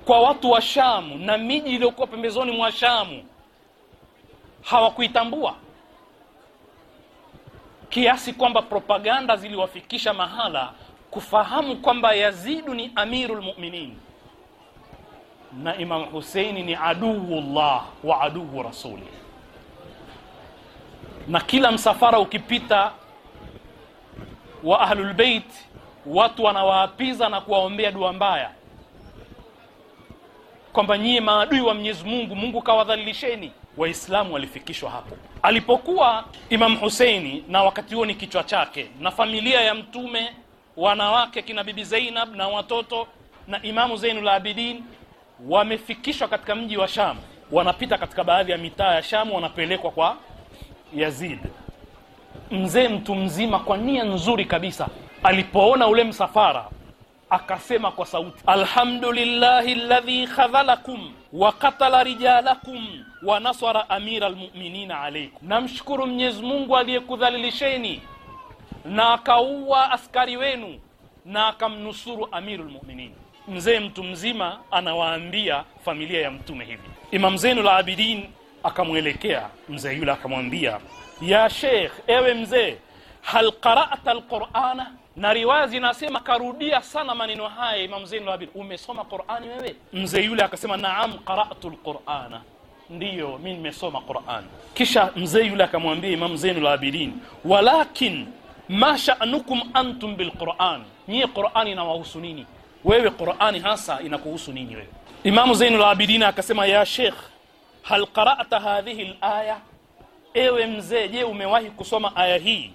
S2: kwa watu wa Shamu na miji iliyokuwa pembezoni mwa Shamu hawakuitambua kiasi kwamba propaganda ziliwafikisha mahala kufahamu kwamba Yazidu ni amirul mu'minin na Imam Huseini ni aduwullah wa aduwu rasuli, na kila msafara ukipita wa Ahlulbeit watu wanawaapiza na kuwaombea dua mbaya kwamba nyie maadui wa Mwenyezi Mungu, Mungu kawadhalilisheni Waislamu walifikishwa hapo alipokuwa Imam Huseini, na wakati huo ni kichwa chake na familia ya Mtume, wanawake kina Bibi Zainab na watoto na Imamu Zainul Abidin wamefikishwa katika mji wa Sham, wanapita katika baadhi ya mitaa ya Sham, wanapelekwa kwa Yazid. Mzee mtu mzima, kwa nia nzuri kabisa, alipoona ule msafara akasema kwa sauti, alhamdulillahi ladhi khadhalakum wa katala rijalakum wa nasara amira almu'minina alaykum, namshukuru Mwenyezi Mungu aliyekudhalilisheni na akaua askari wenu na akamnusuru amiru mu'minin. Mzee mtu mzima anawaambia familia ya mtume hivi. Imam Zainul Abidin akamwelekea mzee yule akamwambia, ya sheikh, ewe mzee, hal qara'ta alqur'ana na riwaya zinasema karudia sana maneno haya Imam Zainul Abidin umesoma Qur'ani wewe mzee yule akasema naam qara'tu al-Qur'ana ndiyo mimi nimesoma Qur'an kisha mzee yule akamwambia Imam Zainul Abidin walakin ma sha'nukum antum bil Qur'an nyie Qur'ani inawahusu nini wewe Qur'ani hasa inakuhusu nini wewe Imam zein Abidin akasema ya Sheikh hal qara'ta hadhihi al-aya ewe mzee je umewahi kusoma aya hii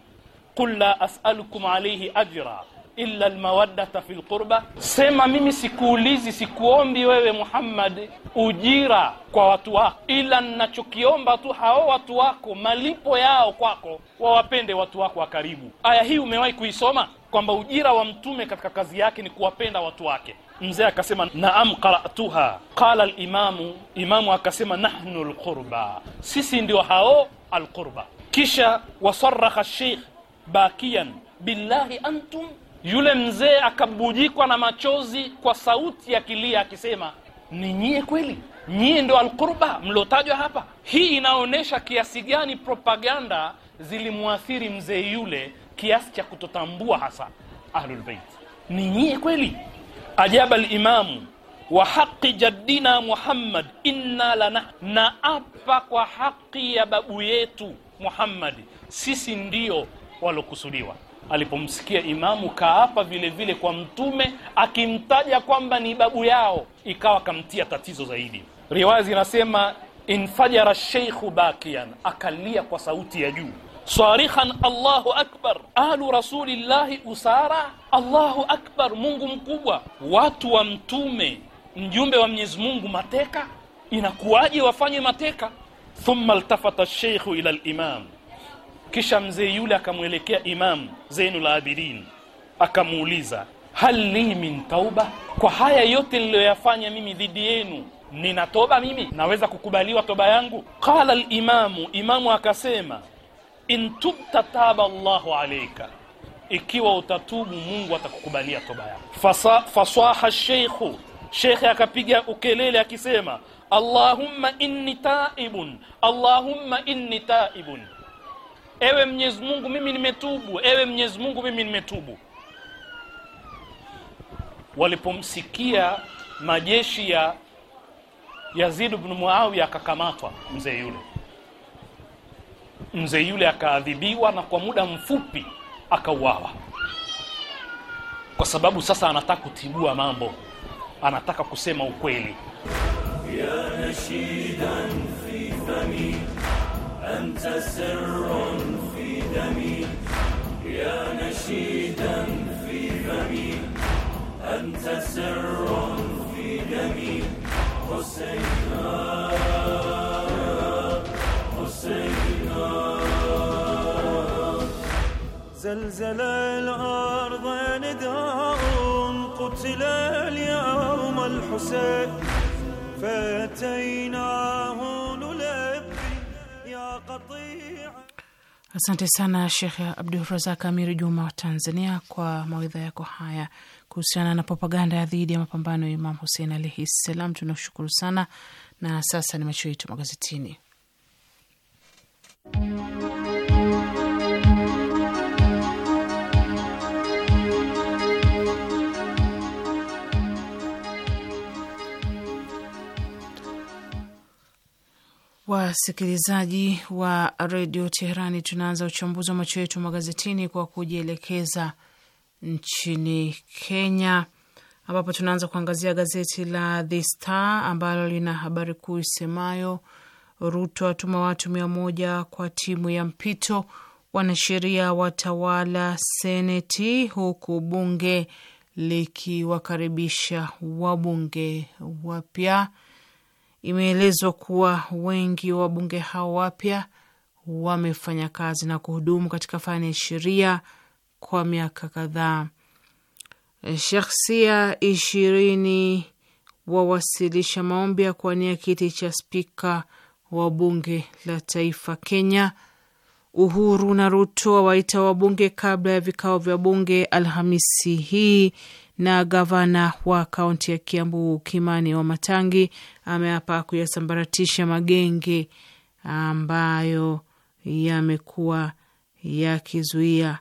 S2: qul la as'alukum alayhi ajra illa almawaddata fi alqurba, sema mimi sikuulizi sikuombi wewe Muhammad ujira kwa watu wako ila ninachokiomba tu hao watu wako malipo yao kwako wawapende watu wako wa karibu aya hii umewahi kuisoma kwamba ujira wa mtume katika kazi yake ni kuwapenda watu wake mzee akasema naam qara'tuha qala al-imamu akasema nahnu alqurba, sisi ndio hao alqurba kisha wasarraha sheikh bakian billahi antum yule mzee akabujikwa na machozi kwa sauti ya kilia akisema ni nyie kweli nyie ndo alqurba mliotajwa hapa hii inaonyesha kiasi gani propaganda zilimwathiri mzee yule kiasi cha kutotambua hasa ahlulbeit ni nyie kweli ajaba limamu wa haqi jaddina muhammad inna lana na apa kwa haqi ya babu yetu muhammadi sisi ndio walokusudiwa. Alipomsikia imamu kaapa vile vile kwa Mtume akimtaja kwamba ni babu yao, ikawa kamtia tatizo zaidi. Riwaya zinasema infajara sheikhu bakian, akalia kwa sauti ya juu sarihan Allahu akbar, ahlu rasulillahi usara, Allahu akbar, Mungu mkubwa, watu wa Mtume, mjumbe wa Mwenyezi Mungu mateka, inakuwaje wafanye mateka? Thumma ltafata sheikhu ila limam kisha mzee yule akamwelekea Imam Zainul Abidin akamuuliza hal li min tauba, kwa haya yote niliyoyafanya mimi dhidi yenu nina toba mimi, naweza kukubaliwa toba yangu? Qala limamu, imamu akasema in tubta taba llahu alaika, ikiwa utatubu Mungu atakukubalia toba yako. Fasaha sheikhu, shekhe akapiga ukelele akisema allahumma inni taibun, allahumma inni taibun ewe mwenyezi mungu mimi nimetubu ewe mwenyezi mungu mimi nimetubu walipomsikia majeshi ya yazid bnu muawiya akakamatwa mzee yule mzee yule akaadhibiwa na kwa muda mfupi akauawa kwa sababu sasa anataka kutibua mambo anataka kusema ukweli
S3: ya نشيدا في دمي يا نشيدا في فمي أنت سر في دمي حسينا
S4: حسينا زلزل الأرض نداء قتل اليوم الحسين
S1: فأتيناه
S4: نلبي يا قطيع
S1: Asante sana Shekhe Abdurazak Amiri Juma wa Tanzania kwa mawaidha yako haya kuhusiana na propaganda dhidi ya mapambano ya Imam Husein alaihi ssalam. Tunashukuru sana, na sasa ni macho yetu magazetini Wasikilizaji wa redio Teherani, tunaanza uchambuzi wa macho yetu magazetini kwa kujielekeza nchini Kenya, ambapo tunaanza kuangazia gazeti la The Star ambalo lina habari kuu isemayo Ruto atuma watu mia moja kwa timu ya mpito, wanasheria watawala seneti, huku bunge likiwakaribisha wabunge wapya. Imeelezwa kuwa wengi wa wabunge hao wapya wamefanya kazi na kuhudumu katika fani ya sheria kwa miaka kadhaa. Shakhsia ishirini wawasilisha maombi ya kuwania kiti cha spika wa bunge la taifa Kenya. Uhuru na Ruto wawaita wabunge kabla ya vikao vya bunge Alhamisi hii na gavana wa kaunti ya Kiambu Kimani Wamatangi ameapa kuyasambaratisha magenge ambayo yamekuwa yakizuia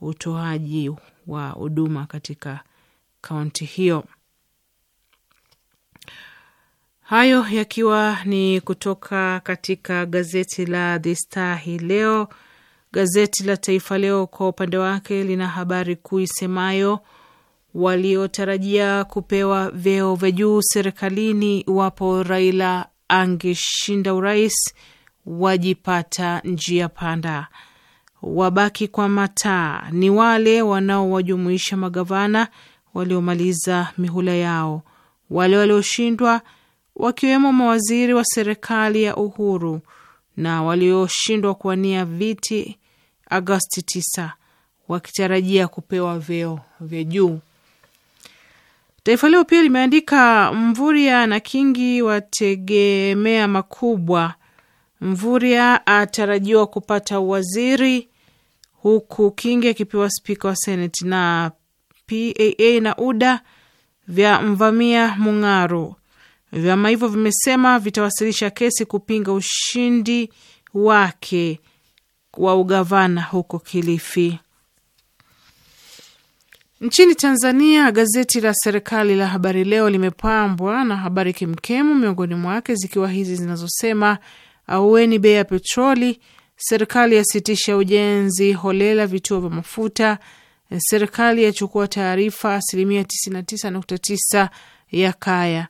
S1: utoaji wa huduma katika kaunti hiyo. Hayo yakiwa ni kutoka katika gazeti la The Star hii leo. Gazeti la Taifa Leo kwa upande wake lina habari kuu isemayo waliotarajia kupewa vyeo vya juu serikalini iwapo Raila angeshinda urais wajipata njia panda. Wabaki kwa mataa ni wale wanaowajumuisha magavana waliomaliza mihula yao, wale walioshindwa wakiwemo mawaziri wa serikali ya Uhuru na walioshindwa kuwania viti Agosti 9 wakitarajia kupewa vyeo vya juu. Taifa Leo pia limeandika Mvurya na Kingi wategemea makubwa. Mvurya atarajiwa kupata waziri huku Kingi akipewa spika wa Seneti, na PAA na UDA vya mvamia Mung'aro. Vyama hivyo vimesema vitawasilisha kesi kupinga ushindi wake wa ugavana huko Kilifi. Nchini Tanzania, gazeti la serikali la Habari Leo limepambwa na habari kemkemu, miongoni mwake zikiwa hizi zinazosema: aueni bei ya petroli, serikali yasitisha ujenzi holela vituo vya mafuta, serikali yachukua taarifa asilimia 99.9 ya kaya,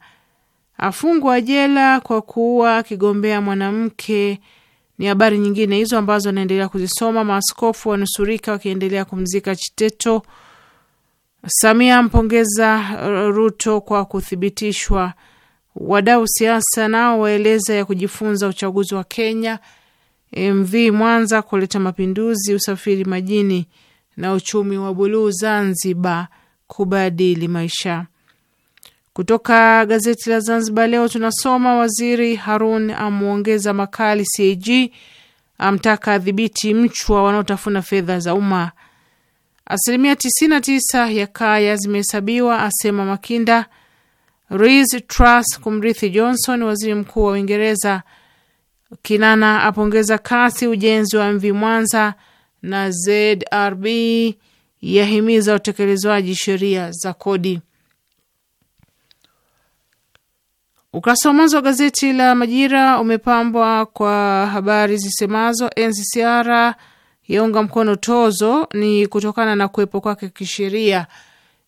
S1: afungwa jela kwa kuua akigombea mwanamke ni habari nyingine hizo ambazo anaendelea kuzisoma. Maaskofu wanusurika wakiendelea kumzika Chiteto. Samia ampongeza uh, Ruto kwa kuthibitishwa. Wadau siasa nao waeleza ya kujifunza uchaguzi wa Kenya. MV Mwanza kuleta mapinduzi usafiri majini na uchumi wa buluu Zanzibar kubadili maisha. Kutoka gazeti la Zanzibar Leo tunasoma waziri Harun amwongeza makali CAG amtaka adhibiti mchwa wanaotafuna fedha za umma. Asilimia 99 ya kaya zimehesabiwa, asema Makinda. Riz Truss kumrithi Johnson waziri mkuu wa Uingereza. Kinana apongeza kasi ujenzi wa MV Mwanza na ZRB yahimiza utekelezwaji sheria za kodi. Ukurasa wa mwanzo wa gazeti la Majira umepambwa kwa habari zisemazo NCCR yaunga mkono tozo ni kutokana na kuwepo kwake kisheria,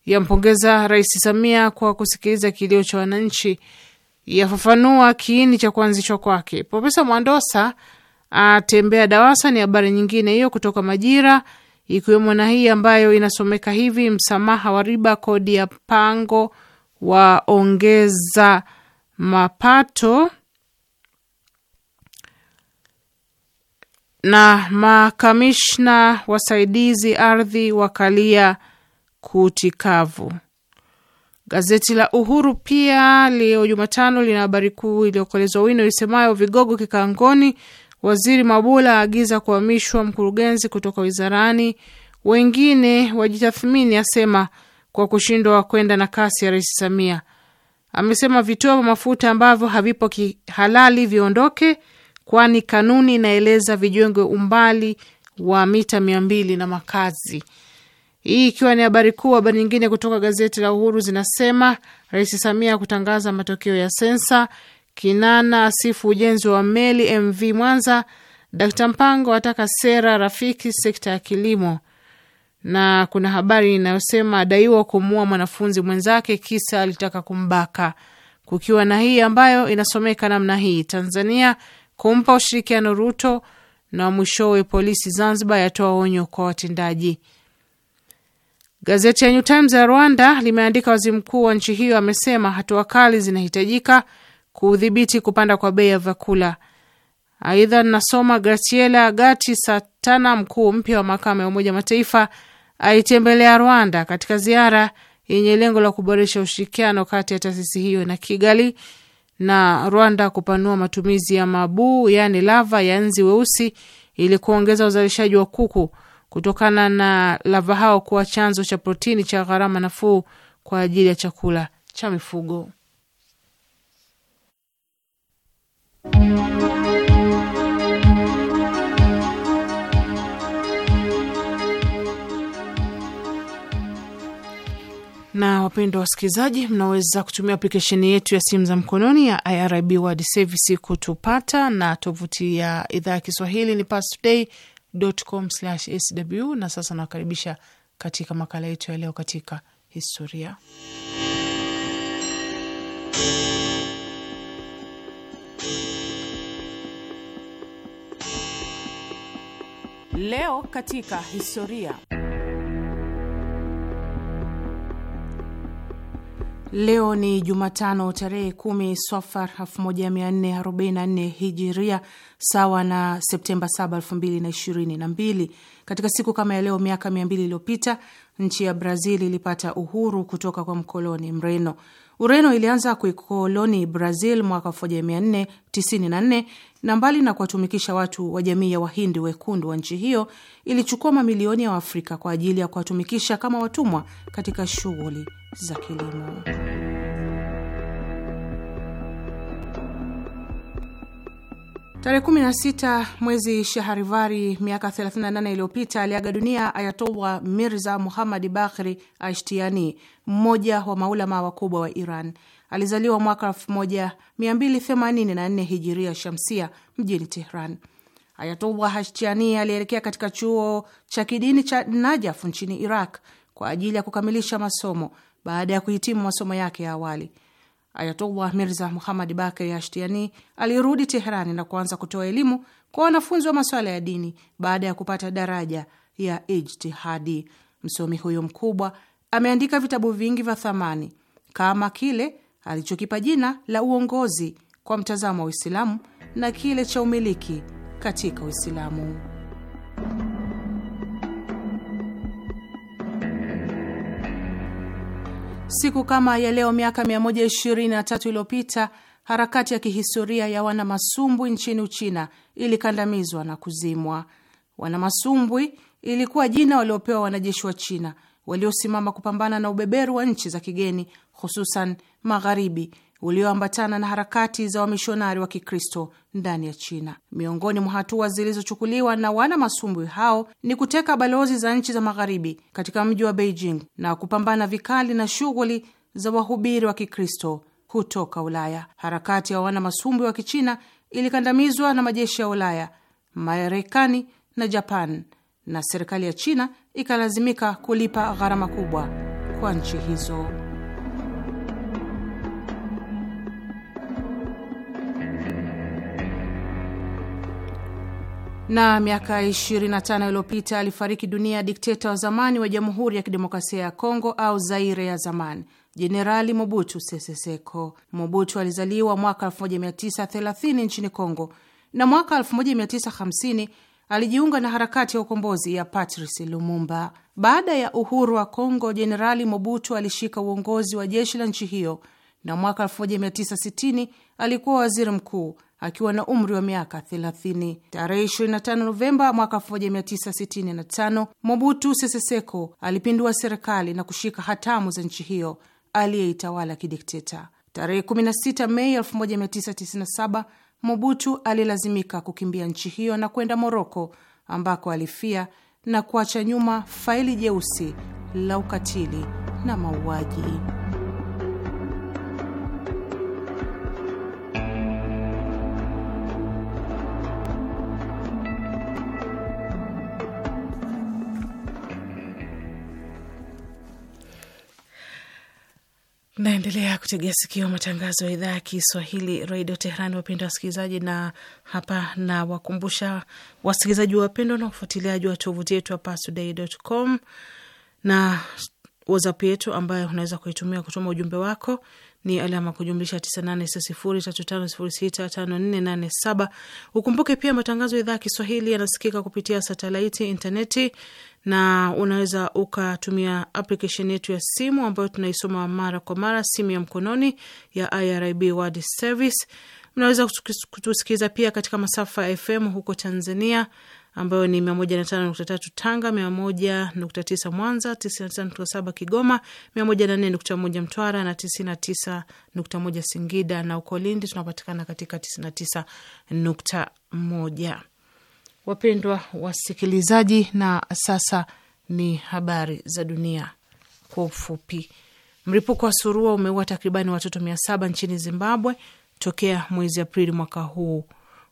S1: yampongeza Rais Samia kwa kusikiliza kilio cha wananchi, yafafanua kiini cha kuanzishwa kwake. Profesa Mwandosa atembea DAWASA ni habari nyingine hiyo kutoka Majira, ikiwemo na hii ambayo inasomeka hivi: msamaha wa riba kodi ya pango waongeza mapato na makamishna wasaidizi ardhi wakalia kutikavu. Gazeti la Uhuru pia leo Jumatano lina habari kuu iliyokolezwa wino isemayo vigogo kikangoni, waziri Mabula aagiza kuhamishwa mkurugenzi kutoka wizarani, wengine wajitathmini, asema kwa kushindwa kwenda na kasi ya Rais Samia. Amesema vituo vya mafuta ambavyo havipo kihalali viondoke kwani kanuni inaeleza vijengwe umbali wa mita mia mbili na makazi. Hii ikiwa ni habari kuu. Habari nyingine kutoka gazeti la Uhuru zinasema Rais Samia kutangaza matokeo ya sensa, Kinana asifu ujenzi wa meli MV Mwanza, Dkt Mpango ataka sera rafiki sekta ya kilimo, na kuna habari inayosema adaiwa kumua mwanafunzi mwenzake kisa alitaka kumbaka, kukiwa na hii ambayo inasomeka namna hii: Tanzania kumpa ushirikiano Ruto na mwishowe polisi Zanzibar yatoa onyo kwa watendaji. Gazeti ya New Times ya Rwanda limeandika waziri mkuu wa nchi hiyo amesema hatua kali zinahitajika kudhibiti kupanda kwa bei ya vyakula. Aidha, nasoma Graciela Gati Satana, mkuu mpya wa mahakama ya Umoja Mataifa, aitembelea Rwanda katika ziara yenye lengo la kuboresha ushirikiano kati ya taasisi hiyo na Kigali na Rwanda kupanua matumizi ya mabuu, yaani lava ya nzi weusi, ili kuongeza uzalishaji wa kuku kutokana na lava hao kuwa chanzo cha protini cha gharama nafuu kwa ajili ya chakula cha mifugo. Na wapendwa wasikilizaji, mnaweza kutumia aplikesheni yetu ya simu za mkononi ya IRIB World Service kutupata, na tovuti ya idhaa ya Kiswahili ni pastodaycom sw Na sasa nawakaribisha katika makala yetu ya leo, katika historia Leo katika historia Leo ni Jumatano tarehe kumi Swafar 1444 Hijiria, sawa na Septemba 7, 2022. Katika siku kama ya leo miaka 200 iliyopita nchi ya Brazil ilipata uhuru kutoka kwa mkoloni Mreno. Ureno ilianza kuikoloni Brazil mwaka 1494 na mbali na kuwatumikisha watu wa jamii ya wahindi wekundu wa nchi hiyo, ilichukua mamilioni ya Waafrika kwa ajili ya kuwatumikisha kama watumwa katika shughuli za kilimo. Tarehe 16 mwezi Shaharivari miaka 38 iliyopita aliaga dunia Ayatollah Mirza Muhammad Bakhri Ashtiani, mmoja wa maulama wakubwa wa Iran. Alizaliwa mwaka 1284 hijiria shamsia mjini Tehran. Ayatollah Ashtiani alielekea katika chuo cha kidini cha Najaf nchini Iraq kwa ajili ya kukamilisha masomo baada ya kuhitimu masomo yake ya awali. Ayatullah Mirza Muhammad Bakir Ashtiani alirudi Teherani na kuanza kutoa elimu kwa wanafunzi wa masuala ya dini baada ya kupata daraja ya ijtihadi. Msomi huyo mkubwa ameandika vitabu vingi vya thamani kama kile alichokipa jina la Uongozi kwa mtazamo wa Uislamu na kile cha Umiliki katika Uislamu. Siku kama ya leo miaka 123 iliyopita harakati ya kihistoria ya wanamasumbwi nchini Uchina ilikandamizwa na kuzimwa. Wanamasumbwi ilikuwa jina waliopewa wanajeshi wa China waliosimama kupambana na ubeberu wa nchi za kigeni, hususan magharibi ulioambatana na harakati za wamishonari wa Kikristo ndani ya China. Miongoni mwa hatua zilizochukuliwa na wana masumbwi hao ni kuteka balozi za nchi za magharibi katika mji wa Beijing na kupambana vikali na shughuli za wahubiri wa Kikristo kutoka Ulaya. Harakati ya wana masumbwi wa Kichina ilikandamizwa na majeshi ya Ulaya, Marekani na Japan, na serikali ya China ikalazimika kulipa gharama kubwa kwa nchi hizo. na miaka 25 iliyopita alifariki dunia dikteta wa zamani wa Jamhuri ya Kidemokrasia ya Kongo au Zaire ya zamani, Jenerali Mobutu Sese Seko. Mobutu alizaliwa mwaka 1930 nchini Kongo na mwaka 1950 alijiunga na harakati ya ukombozi ya Patrice Lumumba. Baada ya uhuru wa Kongo, Jenerali Mobutu alishika uongozi wa jeshi la nchi hiyo na mwaka 1960 alikuwa waziri mkuu akiwa na umri wa miaka 30. Tarehe 25 Novemba mwaka 1965 Mobutu Sese Seko alipindua serikali na kushika hatamu za nchi hiyo aliyeitawala kidikteta. Tarehe 16 Mei 1997 Mobutu alilazimika kukimbia nchi hiyo na kwenda Moroko ambako alifia na kuacha nyuma faili jeusi la ukatili na mauaji. Naendelea kutegea sikio matangazo ya idhaa ya Kiswahili redio Teherani, wapenda wasikilizaji, na hapa na wakumbusha wasikilizaji wapendwa na ufuatiliaji wa tovuti yetu ya parstoday.com na WhatsApp yetu ambayo unaweza kuitumia kutuma ujumbe wako ni alama kujumlisha 989035065487. Ukumbuke pia matangazo ya idhaa ya Kiswahili yanasikika kupitia satelaiti, intaneti na unaweza ukatumia aplikeshen yetu ya simu ambayo tunaisoma mara kwa mara, simu ya mkononi ya IRIB World Service. Mnaweza kutusikiliza pia katika masafa ya FM huko Tanzania ambayo ni 105.3 Tanga, 101.9 Mwanza, 99.7 Kigoma, 104.1 Mtwara na 99.1 Singida na uko Lindi tunapatikana katika 99.1. Wapendwa wasikilizaji, na sasa ni habari za dunia kwa ufupi. Mlipuko wa surua umeua takribani watoto mia saba nchini Zimbabwe tokea mwezi Aprili mwaka huu.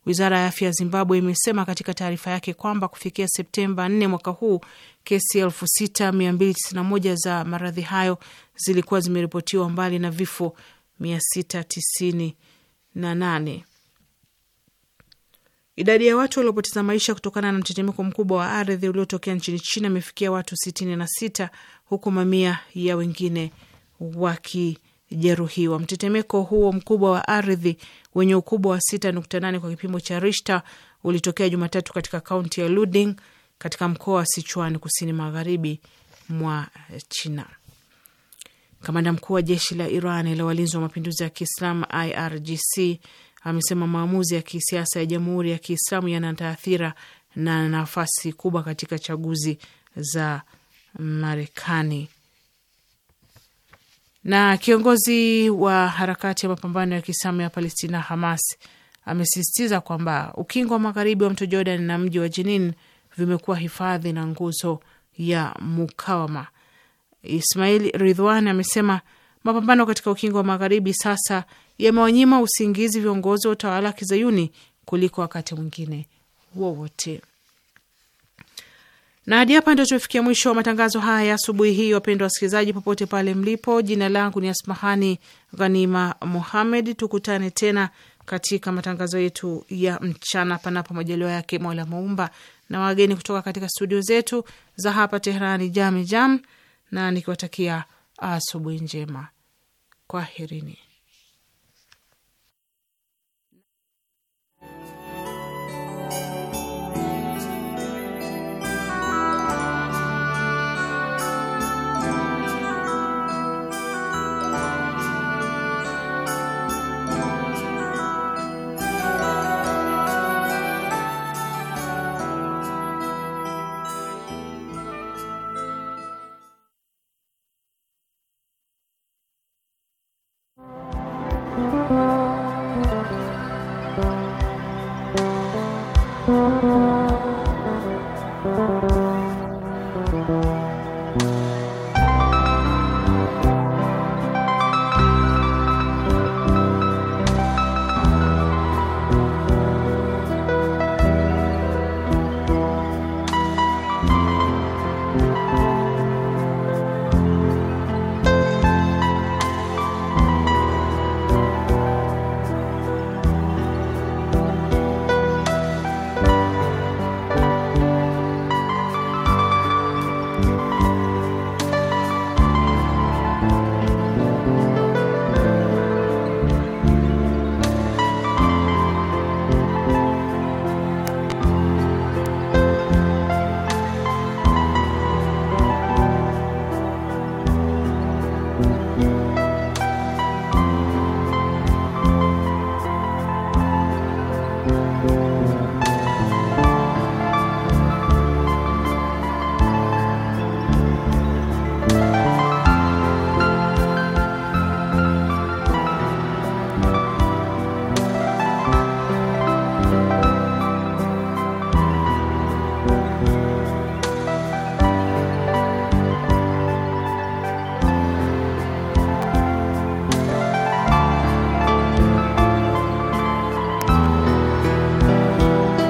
S1: Wizara ya afya ya Zimbabwe imesema katika taarifa yake kwamba kufikia Septemba 4 mwaka huu kesi 6291 za maradhi hayo zilikuwa zimeripotiwa mbali na vifo 698. Idadi ya watu waliopoteza maisha kutokana na mtetemeko mkubwa wa ardhi uliotokea nchini China imefikia watu sitini na sita huku mamia ya wengine wakijeruhiwa. Mtetemeko huo mkubwa wa ardhi wenye ukubwa wa 6.8 kwa kipimo cha Rishta ulitokea Jumatatu katika kaunti ya Luding katika mkoa wa Sichuan kusini magharibi mwa China. Kamanda mkuu wa jeshi la Iran la walinzi wa mapinduzi ya Kiislamu IRGC amesema maamuzi ya kisiasa ya Jamhuri ya Kiislamu yana taathira na nafasi kubwa katika chaguzi za Marekani. Na kiongozi wa harakati ya mapambano ya Kiislamu ya Palestina Hamas amesisitiza kwamba ukingo wa magharibi wa mto Jordan na mji wa Jenin vimekuwa hifadhi na nguzo ya mukawama. Ismail Ridhwan amesema mapambano katika ukingo wa magharibi sasa yamewanyima usingizi viongozi wa utawala wa kizayuni kuliko wakati mwingine wowote. Na hadi hapa ndio tumefikia mwisho wa matangazo haya ya asubuhi hii. Wapendwa wasikilizaji, popote pale mlipo, jina langu ni Asmahani Ghanima Mohamed. Tukutane tena katika matangazo yetu ya mchana, panapo majaliwa yake Mola Muumba, na wageni kutoka katika studio zetu za hapa Teherani, Jam Jam, na nikiwatakia asubuhi njema, kwaherini.